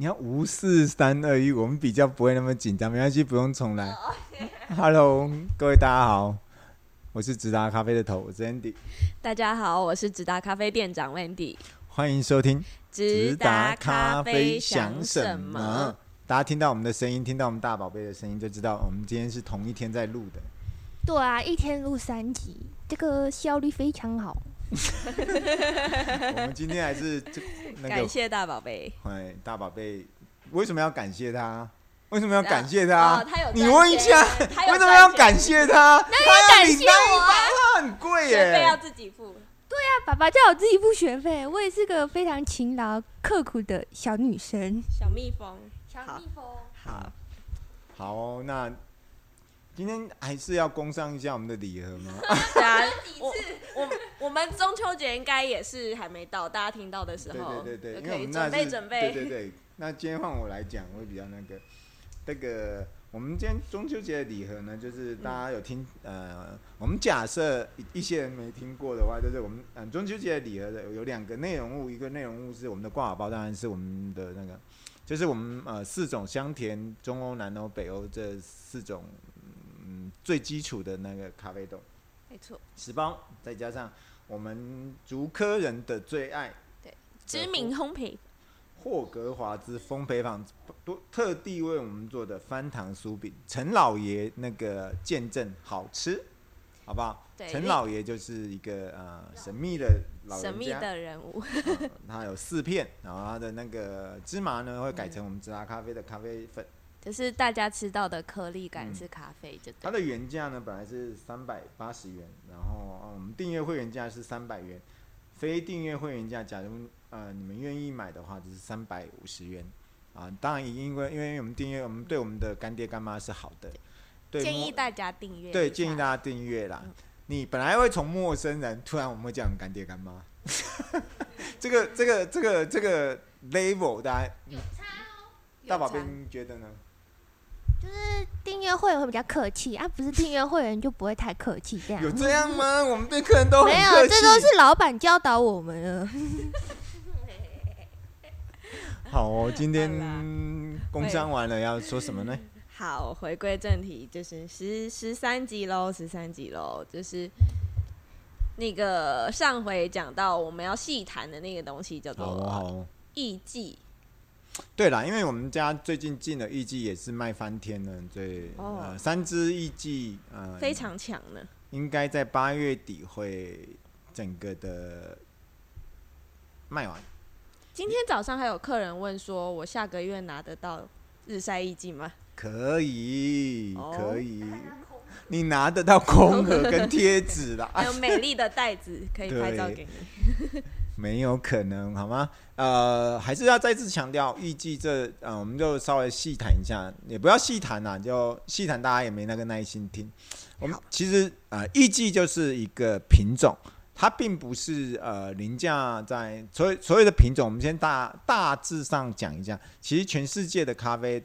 你看五四三二一，我們比較不會那麼緊張，沒關係，不用重來。Okay. Hello，各位大家好，我是直達咖啡的頭，我是 Andy。大家好，我是直達咖啡店長 Wendy。歡迎收聽直達咖啡，咖啡想什麼？大家聽到我們的聲音，聽到我們大寶貝的聲音，就知道我們今天是同一天在錄的。對啊，一天錄三集，這個效率非常好。 我們今天還是、那個，感謝大寶貝。大寶貝！為什麼要感謝他？為什麼要感謝他？啊哦、他你問一下，為什麼要感謝他？那要感謝我、啊？他很貴耶，學費要自己付。對呀、啊，爸爸叫我自己付學費。我也是個非常勤勞刻苦的小女生，小蜜蜂，小蜜蜂。好好，好好哦、那。今天還是要工商一下我們的禮盒嗎？ 啊， 我我，我們中秋節應該也是還沒到， 大家聽到的時候，對對對，對可以準備準備。對對對。那今天換我來講，我會比較那個那、這個。我們今天中秋節的禮盒呢，就是大家有聽、嗯、呃，我們假設一些人沒聽過的話，就是我們嗯、呃，中秋節的禮盒的有兩個內容物，一個內容物是我們的掛耳包，當然是我們的那個，就是我們呃四種香甜，中歐、南歐、北歐這四種。最基礎的那個咖啡豆，沒錯錯，十包，再加上我們竹科人的最愛，對，知名烘焙，霍格華茲烘焙坊都特地為我們做的翻糖酥餅，陳老爺那個見證，好吃，好不好？陳對老爺就是一個呃神秘的老，神秘的人物 、啊，他有四片，然後他的那個芝麻呢會改成我們直達咖啡的咖啡粉。嗯就是大家吃到的顆粒感是咖啡就，就、嗯、它的原價呢，本來是三百八十元，然後我們訂閱會員價是三百元，非訂閱會員價，假如呃你們願意買的話，就是三百五十元啊，當然，因為因為我們訂閱，我們對我們的乾爹乾媽是好的，對對建議大家訂閱，對，建議大家訂閱啦。嗯、你本來會從陌生人，突然我們會講乾爹乾媽、 這個，這個這個這個這個 level，有差、哦、大家、嗯、有有大寶貝，你覺得呢？訂閱會員會比較客氣啊，不是訂閱會員就不會太客氣這樣。 有這樣嗎？我們對客人都很客氣 沒有，這都是老闆教導我們的。 好，今天工商完了 要說什麼呢？ 好，回歸正題，就是十十三集嘍，十三集嘍，就是那個上回講到我們要細談的那個東西叫做藝妓好。對啦，因為我們家最近進的藝妓也是賣翻天了，對，哦呃、三只藝妓呃非常強呢，應該在八月底會整個的賣完。今天早上還有客人問說，我下個月拿得到日曬藝妓嗎？可以，可以，哦、你拿得到空盒跟貼紙啦， 還有美麗的袋子可以拍照給你。沒有可能，好嗎？呃，還是要再次強調，藝妓這，呃，我們就稍微細談一下，也不要細談啦，啊，就細談大家也沒那個耐心聽。我們其實，好呃，藝妓就是一個品種，它並不是呃，凌駕在所有所有的品種。我們先大大致上講一下，其實全世界的咖啡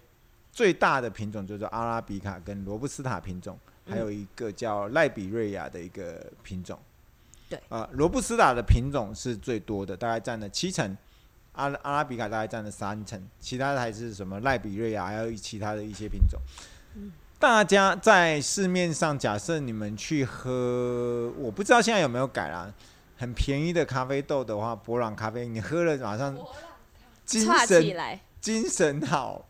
最大的品種就是阿拉比卡跟羅布斯塔品種，還有一個叫賴比瑞亞的一個品種。嗯嗯呃，羅布斯塔的品種是最多的，大概占了七成；阿、阿拉比卡大概占了三成，其他的還是什麼賴比瑞亞，還有其他的一些品種。大家在市面上，假設你們去喝，我不知道現在有沒有改了，很便宜的咖啡豆的話，博朗咖啡，你喝了馬上精神，精神好。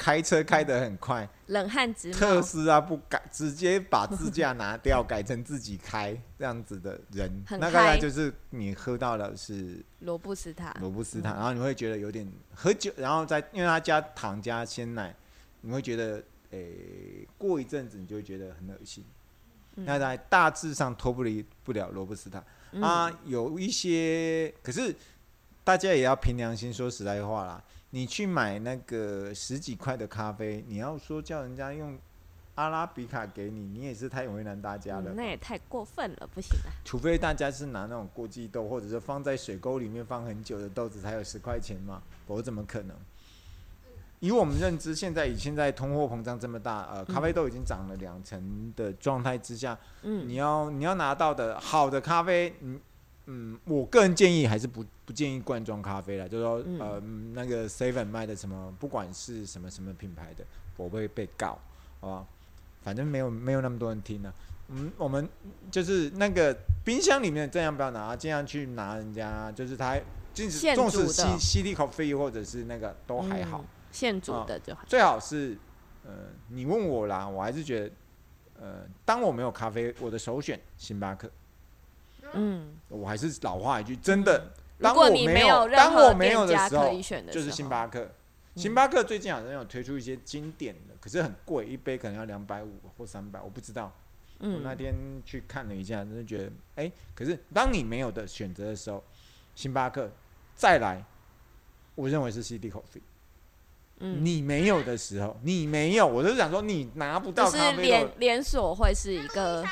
開車開得很快，冷汗直冒。特斯拉不改，直接把自駕拿掉， 改成自己開這樣子的人，high 那大概就是你喝到了是羅布斯塔。羅布斯塔，嗯、然後你會覺得有點喝酒，然後再因為他加糖加鮮奶，你會覺得誒、欸，過一陣子你就會覺得很噁心。嗯、那在大、大致上脫不離不了羅布斯塔，嗯、啊，有一些可是大家也要憑良心說實在話啦。你去買那個十幾塊的咖啡，你要說叫人家用阿拉比卡給你，你也是太為難大家了。嗯、那也太過分了，不行啊！除非大家是拿那種過季豆，或者是放在水溝裡面放很久的豆子才有十塊錢嘛，否則怎麼可能？以我們認知，現在以現在通貨膨脹這麼大，呃，嗯、咖啡豆已經漲了兩成的狀態之下，嗯，你要你要拿到的好的咖啡，嗯，我個人建議還是不不建議罐裝咖啡了，就是、說、嗯、呃那個 seven 賣的什麼，不管是什麼什麼品牌的，我會被告好吧？反正沒有沒有那麼多人聽呢、啊。嗯，我們就是那個冰箱裡面儘量不要拿、啊，儘量去拿人家、啊，就是他禁止重視 C,、哦，縱使 C C D Coffee 或者是那個都還好，嗯、現做的就好、啊，最好是、呃、你問我啦，我還是覺得呃當我沒有咖啡，我的首選星巴克。嗯，我還是老話一句，真的。當我沒有，如果你沒有任何店家可以選的時候，當我沒有的時候，就是星巴克。星巴克最近好像有推出一些經典的，嗯、可是很貴，一杯可能要兩百五或三百，我不知道。嗯、我那天去看了一下，真的覺得，哎、欸，可是當你沒有的選擇的時候，星巴克再來，我認為是 CD Coffee。嗯、你沒有的時候，你沒有，我就是想說，你拿不到咖啡，就是連連鎖會是一個。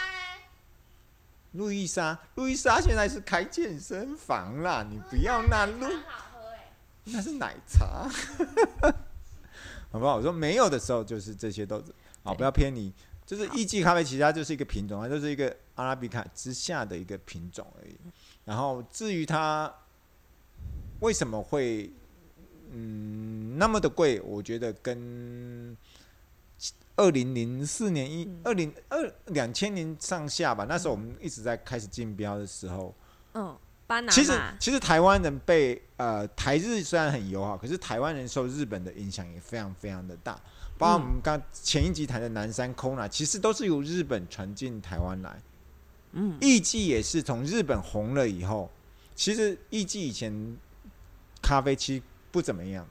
路易莎，路易莎現在是開健身房了，你不要那路，奶奶欸、那是奶茶， 好不好？我說沒有的時候就是這些豆子好，不要騙你，就是意式咖啡，其他就是一個品種，它就是一個阿拉比卡之下的一個品種而已。然後至於它為什麼會嗯那麼的貴，我覺得跟二零零四年一二零二兩千年上下吧，嗯、那時候我們一直在開始競標的時候，嗯、哦其，其實其實台灣人被呃台日雖然很友好，可是台灣人受日本的影響也非常非常的大，包括我們剛前一集談的南山 Kona、嗯，其實都是由日本傳進台灣來，嗯，藝妓也是從日本紅了以後，其實藝妓以前咖啡期不怎麼樣，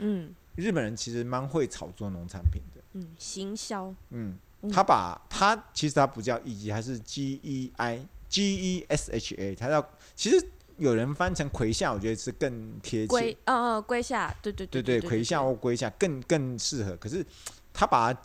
嗯，日本人其實蠻會炒作農產品的。嗯、行銷，嗯，他把他其實他不叫藝妓，還是 G E I G E S H A，他要其實有人翻成瑰夏，我覺得是更貼切。瑰，嗯、呃、嗯，瑰夏，對對對，對對對對，瑰夏或瑰夏更更適合。可是他把他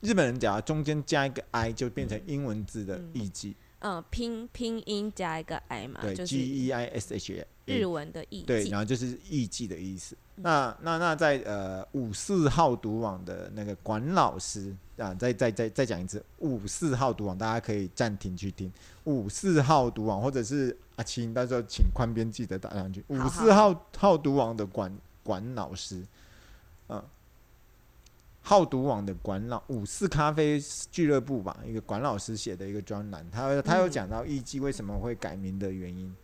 日本人講中間加一個 I，就變成英文字的藝妓嗯嗯。嗯，拼拼音加一個 I 嘛，對、就是，G E I S H A。日文的意、欸、對，然後就是藝妓的意思、嗯，那那那那在呃五四號讀網的那個管老師啊，再再再再講一次五四號讀網，大家可以暫停去聽五四號讀網，或者是阿青、啊，到時候請寬邊記得打兩句。五四號好好號讀網的管管老師，嗯、呃，好讀網的管老五四咖啡俱樂部吧，一個管老師寫的一個專欄，他他有講到藝妓為什麼會改名的原因。嗯嗯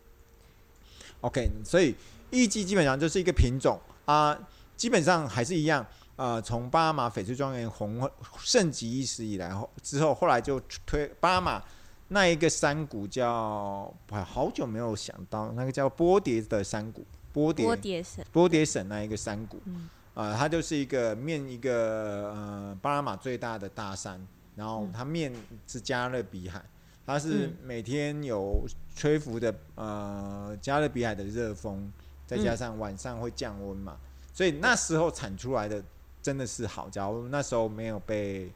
OK，所以藝妓基本上就是一個品種啊、呃，基本上還是一樣啊、呃。從巴拿馬翡翠莊園紅盛極一時以來後，之後後來就推巴拿馬那一個山谷叫，好久沒有想到那個叫波蝶的山谷，波蝶波蝶省波蝶省那一個山谷，啊、嗯呃，它就是一個面一個呃巴拿馬最大的大山，然後它面是加勒比海。嗯嗯它是每天有吹拂的、嗯、呃加勒比海的熱風，再加上晚上會降溫嘛，嗯、所以那時候產出來的真的是好家伙。對那時候沒有被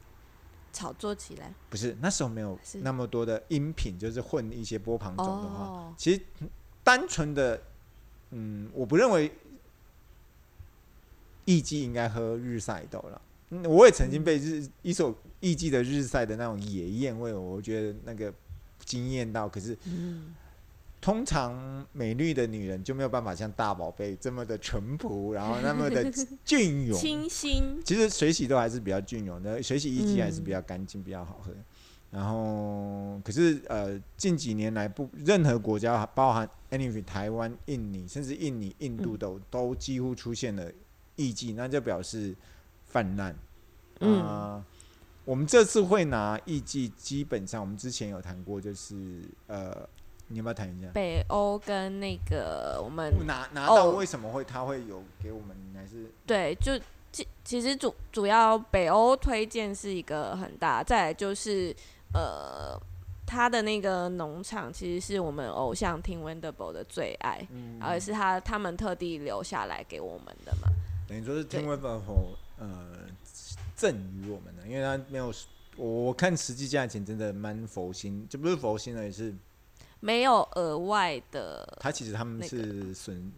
炒作起來，不是那時候沒有那麼多的音頻，是就是混一些波旁種的話，哦、其實單純的嗯，我不認為藝妓應該喝日曬豆了。嗯，我也曾經被日一首。藝妓的日曬的那種野艷味，我覺得那個驚艷到。可是，通常美麗的女人就沒有辦法像大寶貝這麼的淳樸，然後那麼的雋永、 清新。其實水洗都還是比較雋永的，水洗藝妓還是比較乾淨、嗯、比較好喝。然後，可是呃，近幾年來不任何國家，包含 anyway 台灣、印尼，甚至印尼、印度都、嗯、都幾乎出現了藝妓，那就表示氾濫。啊、呃嗯我們這次會拿藝伎，基本上我們之前有談過，就是呃，你有沒有談一下？北歐跟那個我們拿拿到為什麼會、oh, 他會有給我們，還是對，就其其實主主要北歐推薦是一個很大，再來就是呃，他的那個農場其實是我們偶像 Tim Wendelboe、嗯、的最愛，而是他他們特地留下來給我們的嘛。等於說是 Tim< 對> Wendelboe 呃。贈予我們的，因為他沒有，我看實際價錢真的蠻佛心，這不是佛心了，也是沒有額外的、那個。他其實他們是損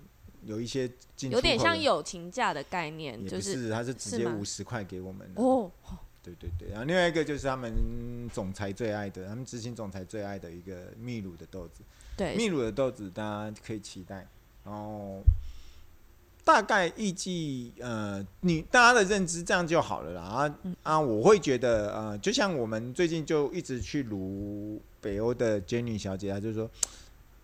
有一些有點像友情價的概念，就是他是，是直接五十塊給我們的哦。是嗎？對對對，然後另外一個就是他們總裁最愛的，他們執行總裁最愛的一個秘魯的豆子，對，秘魯的豆子大家可以期待，然後。大概預計，呃，你大家的認知這樣就好了啦。啊，嗯、啊，我會覺得，呃，就像我們最近就一直去擼北歐的 Jenny 小姐啊，就是說，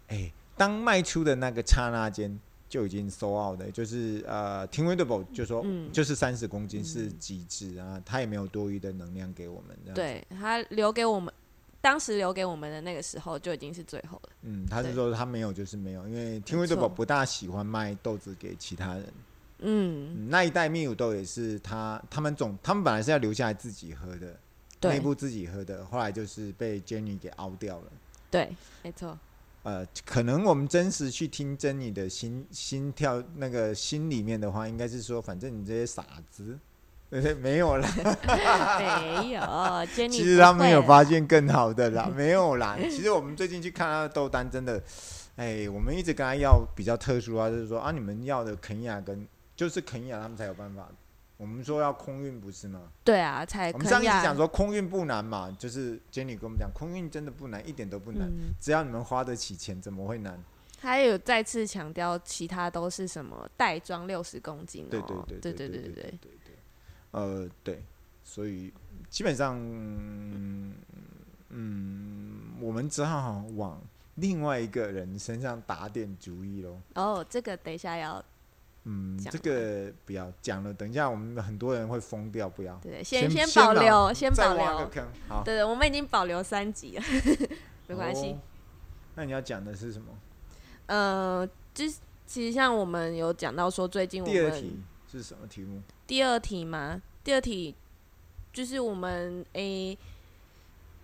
哎、欸，當賣出的那個剎那間就已經 sold out 的，就是呃聽 winnable 就說，就是三十公斤是極致、嗯、啊，她也沒有多餘的能量給我們這樣，對，她留給我們。當時留給我們的那個時候就已經是最後了。嗯，他是說他沒有，就是沒有，對因為聽威珠不大喜歡賣豆子給其他人。嗯，嗯，那一袋蜜乳豆也是他他們總他們本來是要留下來自己喝的，對內部自己喝的，後來就是被珍妮給凹掉了。對，沒錯。呃，可能我們真實去聽珍妮的心心跳那個心裡面的話，應該是說，反正你這些傻子。沒有啦， 沒有。Jenny 其實他沒有發現更好的啦，沒有啦。 其實我們最近去看他的豆單，真的，哎、欸，我們一直跟他要比較特殊啊，就是說啊，你們要的肯雅跟就是肯雅他們才有辦法。我們說要空運不是嗎？對啊，才。我們上一次講說空運不難嘛，就是 Jenny 跟我們講，空運真的不難，一點都不難，嗯、只要你們花得起錢，怎麼會難？他有再次強調，其他都是什麼袋裝六十公斤、喔、對，對，對對對對對對對。呃，對，所以基本上嗯，嗯，我們只好往另外一個人身上打點主意嘍。哦，這個等一下要，嗯，這個不要講了，等一下我們很多人會瘋掉，不要。對，先先保留，先保留。好，對對，我們已經保留三集了，呵呵沒關係。哦，那你要講的是什麼？呃，就其實像我們有講到說，最近我們第二題是什麼題目？第二題嗎？第二題就是我們誒，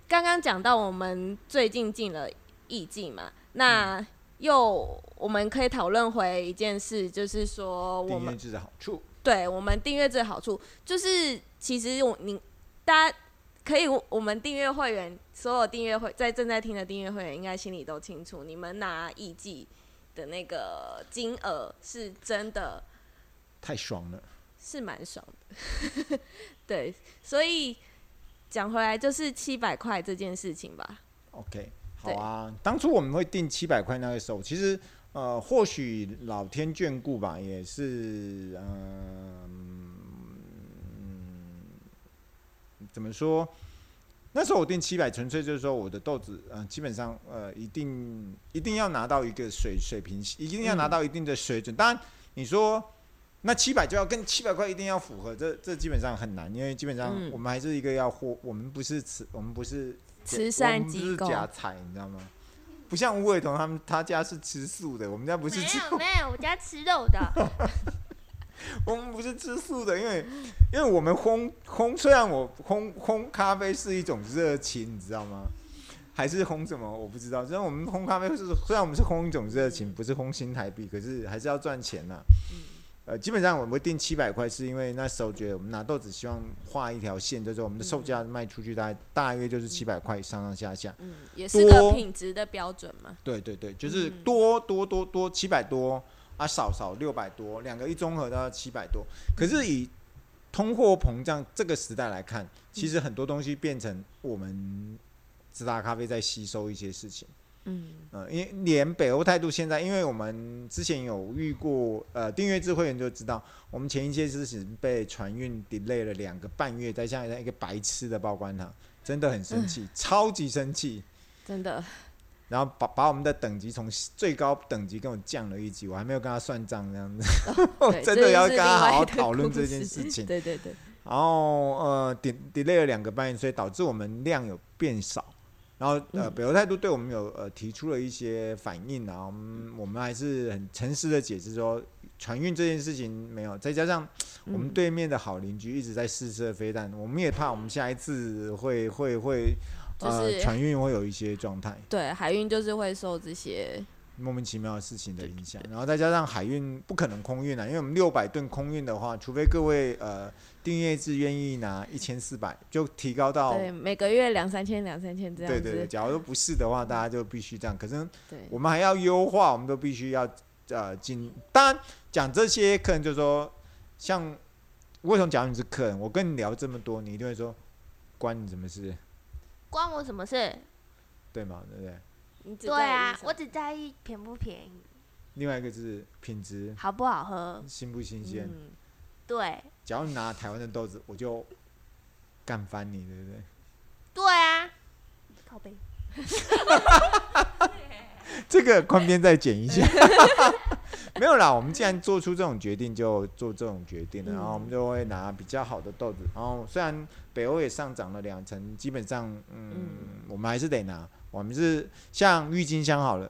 剛剛講到我們最近進了藝妓嘛，那又我們可以討論回一件事，就是說我們訂閱制的好處。對，我們訂閱制好處就是，其實我你大家可以，我們訂閱會員，所有訂閱會員在正在聽的訂閱會員應該心裡都清楚，你們拿藝妓的那個金額是真的太爽了。是蠻少的， 對，所以講回來就是七百塊這件事情吧。OK，好啊。對當初我們會定七百塊那個時候，其實呃，或許老天眷顧吧，也是、呃、嗯，怎麼說？那時候我定七百，純粹就是說我的豆子，嗯、呃，基本上呃，一定一定要拿到一個水水平，一定要拿到一定的水準。嗯、當然，你說。那七百就要跟七百塊一定要符合，這這基本上很難，因為基本上我們還是一個要活、嗯，我們不是慈，我們不是慈善機構，不是假財，你知道嗎？不像吳偉彤他們，他家是吃素的，我們家不是吃素的。沒有沒有，我家吃肉的。 我們不是吃素的，因為因為我們烘烘，雖然我烘烘咖啡是一種熱情，你知道嗎？還是烘什麼我不知道。雖然我們烘咖啡是，雖然我們是烘一種熱情，不是烘新台幣，可是還是要賺錢吶、啊。嗯基本上我們會定七百塊，是因為那時候覺得我們拿豆子希望畫一條線，就是我們的售價賣出去，大概大約就是七百塊上上下下，也是個品質的標準嘛。對對對，就是多多多多七百多啊，少少六百多，兩個一綜合到七百多。可是以通貨膨脹這個時代來看，其實很多東西變成我們直達咖啡在吸收一些事情。嗯呃，因為連北歐態度現在，因為我們之前有遇過，呃，訂閱制會員就知道，我們前一些事情被船運 delay 了兩個半月，再加上一個白痴的報關行，真的很生氣，嗯、超級生氣，真的。然後把把我們的等級從最高等級跟我降了一級，我還沒有跟他算賬這樣子，哦、 真的要跟他好好討論這件事情。事對，對對對。然後呃，delay 了兩個半月，所以導致我們量有變少。然後呃，北歐態度對我們有呃提出了一些反應啊，我們我們還是很誠實的解釋說，船運這件事情沒有，再加上我們對面的好鄰居一直在試射飛彈，我們也怕我們下一次會會會呃船運會有一些狀態，對，海運就是會受這些。莫名其妙的事情的影響，對對對然後再加上海運不可能空運啊。因為我們六百噸空運的話，除非各位呃訂閱制願意拿一千四百，就提高到對每個月兩三千兩三千這樣對對對，假如說不是的話，嗯、大家就必須這樣。可是我們還要優化，我們都必須要呃進。當然講這些客人就是說，像為什麼講你是客人？我跟你聊這麼多，你一定會說關你什麼事？關我什麼事？對嗎？對不對？對啊，我只在意便不便宜。另外一個是品質好不好喝，新不新鮮、嗯。對，只要你拿台灣的豆子，我就幹翻你，對不對？對啊，靠北。這個寬邊再剪一下。 沒有啦，我們既然做出這種決定，就做這種決定了。然後我們就會拿比較好的豆子。嗯、然後雖然北歐也上漲了兩成，基本上，嗯，嗯我們還是得拿。我們是像鬱金香好了，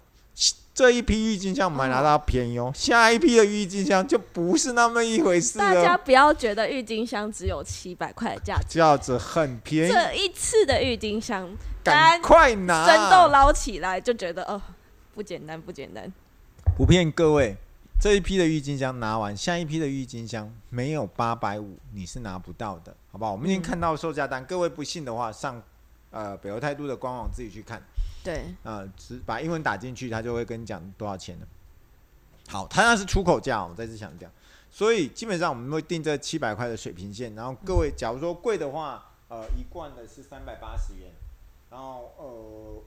這一批鬱金香我們還拿到便宜哦，哦下一批的鬱金香就不是那麼一回事了。大家不要覺得鬱金香只有七百塊的價值，價值很便宜。這一次的鬱金香，趕快拿，生豆撈起來就覺得哦，不簡單，不簡單。不騙各位，這一批的鬱金香拿完，下一批的鬱金香沒有八百五你是拿不到的，好不好？我們已經看到售價單，嗯、各位不信的話，上呃北歐態度的官網自己去看。對，呃，只把英文打進去，他就會跟你講多少錢了。好，他那是出口價，我再次想講，所以基本上我們會定在七百塊的水平線。然後各位，嗯、假如說貴的話，呃，一罐的是三百八十元，然後呃，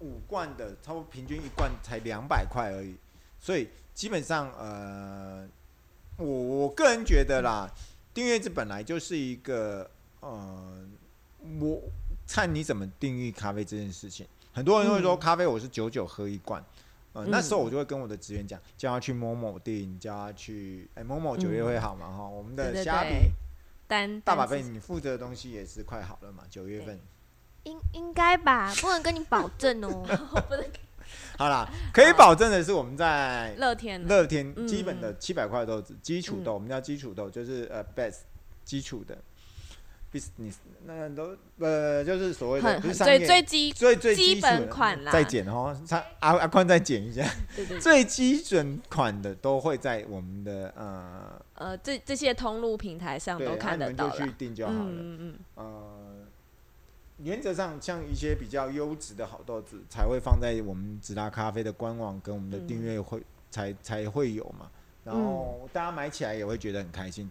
五罐的，差不多平均一罐才兩百塊而已。所以基本上，呃，我我個人覺得啦，嗯、訂閱制本來就是一個，呃，我看你怎麼定義咖啡這件事情。很多人會說咖啡，我是久久喝一罐。呃，那時候我就會跟我的職員講，叫他去某某店，叫他去哎某某九月會好嘛哈。我們的蝦皮單大寶貝，你負責的東西也是快好了嘛？九月份，應應該吧，不能跟你保證哦。好啦，可以保證的是我們在樂天樂天基本的七百塊豆子基礎豆，我們叫基礎豆，就是呃 best 基礎的。Business, 那都呃，就是所謂的最，最基最最基，基本款啦，再剪哦。他、啊、阿阿寬再剪一下，對對對，最基準款的都會在我們的呃呃這這些通路平台上都看得到，啊、就去訂就好了，嗯嗯，嗯呃，原則上像一些比較優質的好豆子才會放在我們直達咖啡的官網跟我們的訂閱會、嗯、才才會有嘛，然後大家買起來也會覺得很開心。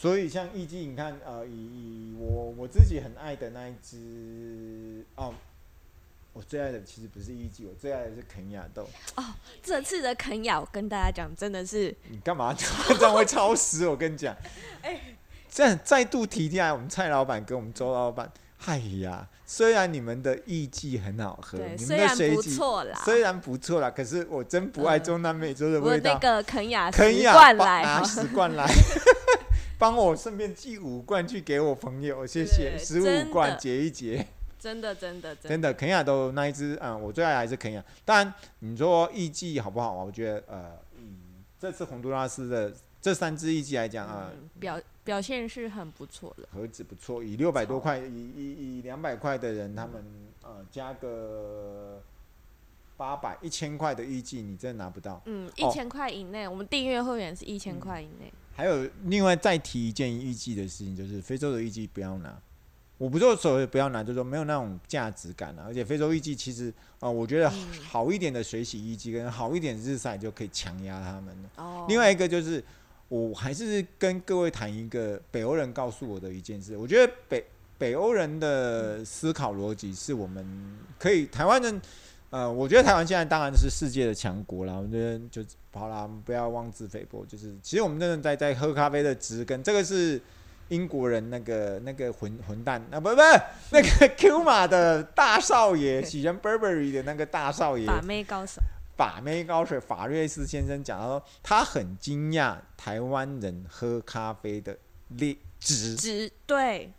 所以像藝妓，你看，呃，以，以我我自己很愛的那一只，哦，我最愛的其實不是藝妓，我最愛的是肯亞豆。哦，這次的肯亞，我跟大家講，真的是你幹嘛？哦、這樣會超時， 我跟你講。哎，再再度提起來，我們蔡老板跟我們周老板，哎呀，雖然你們的藝妓很好喝，對你們的水記啦，雖然不錯啦，啦，可是我真不愛中南美洲的味道。呃、我那個肯亞，肯亞罐來，拿十罐來。 幫我順便寄五罐去給我朋友，謝謝，十五罐的結一結。真的真的真的。真的，真的，真的肯亞都那一支啊，嗯，我最愛還是肯亞。當然你說藝妓好不好啊？我覺得呃，嗯、這次宏都拉斯的這三支藝妓來講啊，呃嗯，表表現是很不錯的。何止不錯，以六百多塊超，以以以兩百塊的人，他們呃加個八百一千塊的藝妓，你真的拿不到。嗯，一千塊以內，我們訂閱會員是一千塊以內。嗯還有另外再提一件藝妓的事情，就是非洲的藝妓不要拿，我不做所謂不要拿，就是說沒有那種價值感啊。而且非洲藝妓其實啊、呃，我覺得好一點的水洗藝妓跟好一點的日曬就可以強壓他們。另外一個就是我還是跟各位談一個北歐人告訴我的一件事，我覺得北北歐人的思考邏輯是我們可以台灣人。呃，我覺得台灣現在當然是世界的強國啦。我覺得就好啦，我們不要妄自菲薄。就是其實我們真的在在喝咖啡的值跟這個是英國人那個那個混混蛋啊，不是不是，是那個 Q 碼的大少爺，喜歡對 Burberry 的那個大少爺把妹高手，把妹高手法瑞斯先生講到，他說他很驚訝台灣人喝咖啡的劣值值，對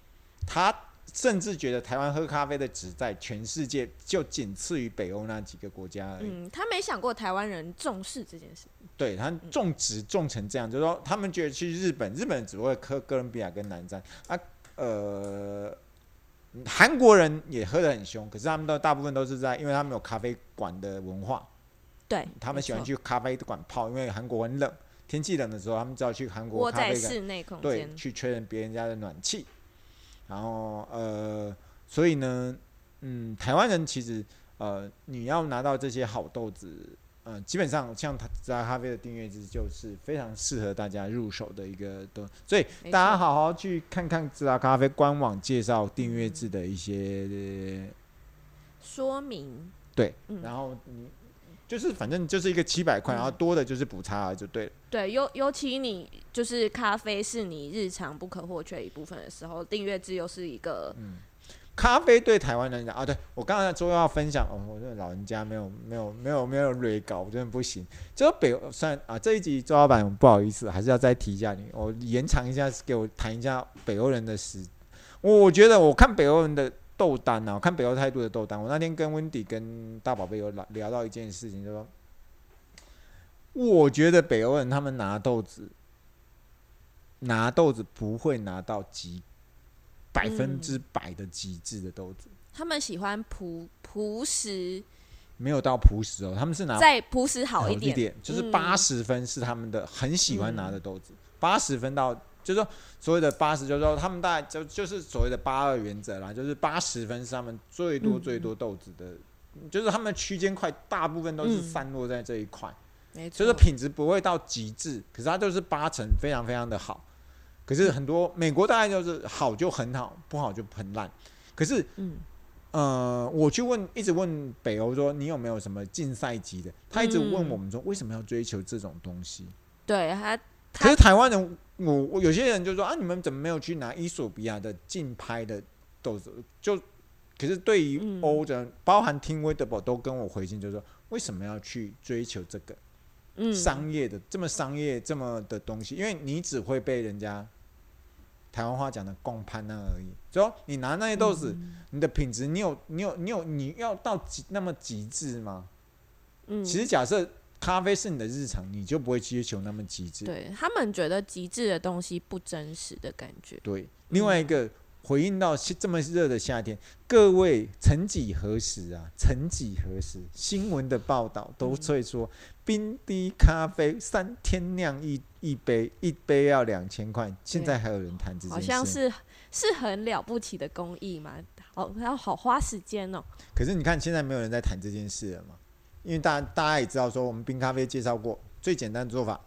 他。甚至覺得台灣喝咖啡的質，在全世界就僅次於北歐那幾個國家而已。嗯，他沒想過台灣人重視這件事。對他種植種成這樣，就是說他們覺得去日本，日本只會喝哥倫比亞跟藍山啊，呃，韓國人也喝得很凶，可是他們都大部分都是在，因為他們有咖啡館的文化。對，他們喜歡去咖啡館泡，因為韓國很冷，天氣冷的時候，他們只好去韓國窩在室內空間，對，去確認別人家的暖氣。然後，呃，所以呢，嗯，台灣人其實，呃，你要拿到這些好豆子，呃，基本上像他直達咖啡的訂閱制就是非常適合大家入手的一個豆，所以大家好好去看看直達咖啡官網介紹訂閱制的一些說明。對，然後你。嗯就是反正就是一個七百塊，嗯、然後多的就是補差、啊、就對了。對，尤尤其你就是咖啡是你日常不可或缺一部分的時候，訂閱制又是一個。嗯。咖啡對台灣人講啊對，對我剛才說要分享、哦、我這老人家沒有沒有沒有沒有瑞搞，我覺得不行。這北歐算啊，這一集周老闆不好意思，還是要再提一下你，我延長一下，給我談一下北歐人的事。我覺得我看北歐人的。豆丹吶、啊，我看北歐態度的豆丹。我那天跟 Wendy 跟大寶貝有聊聊到一件事情，就說，我覺得北歐人他們拿豆子，拿豆子不會拿到極百分之百的極致的豆子。嗯、他們喜歡樸樸實，沒有到樸實哦，他們是拿在樸實好一點、哦、一點就是八十分是他們的、嗯、很喜歡拿的豆子，八十、嗯、分到。就是說，所謂的八十，就是說他們大概就就是所謂的八二原則啦，就是八十分是他們最多最多豆子的，就是他們的區間塊大部分都是散落在這一塊，沒錯。所以說品質不會到極致，可是它就是八成非常非常的好。可是很多美國大概就是好就很好，不好就很爛。可是，嗯呃，我去問一直問北歐說你有沒有什麼競賽級的，他一直問我們說為什麼要追求這種東西？對他，可是台灣人。我我有些人就說啊，你們怎麼沒有去拿伊索比亞的競拍的豆子？就可是對於歐洲人、嗯、包含聽威德寶都跟我回信，就說為什麼要去追求這個，嗯，商業的、嗯、這麼商業這麼的東西？因為你只會被人家台灣話講的公盤。那而已。就說你拿那些豆子，嗯、你的品質，你有你有你有你要到極那麼極致嗎？嗯、其實假設。咖啡是你的日常，你就不會追求那麼極緻。對，他們覺得極緻的東西不真實的感覺。對，另外一個、嗯、回應到這麼熱的夏天，各位曾幾何時啊？曾幾何時，新聞的報道都會說，說、嗯、冰滴咖啡三天釀一一杯，一杯要兩千塊。對現在還有人談這件事，好像是是很了不起的工藝嘛？好，要好花時間哦。可是你看，現在沒有人在談這件事了嘛？因為大大家也知道，說我們冰咖啡介紹過最簡單的做法：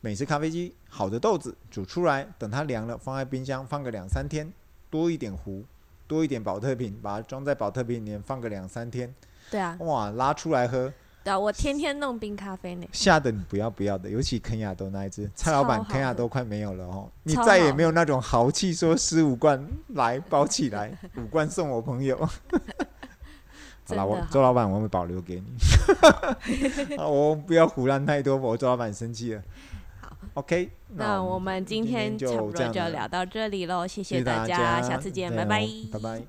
美式咖啡機，好的豆子煮出來，等它涼了，放在冰箱放個兩三天，多一點壺，多一點保特瓶，把它裝在保特瓶裡面放個兩三天。對啊，哇，拉出來喝。對啊，我天天弄冰咖啡呢。嚇得你不要不要的，尤其肯亞豆那一隻，蔡老闆肯亞豆快沒有了哦，你再也沒有那種豪氣說十五罐來包起來，五罐送我朋友。 好好，我周老闆，我會保留給你。 我不要胡亂太多，我周老闆生氣了。好，OK， 那我們今天就這就聊到這裡嘍，謝謝大家，大家下次見，拜拜，哦，拜拜。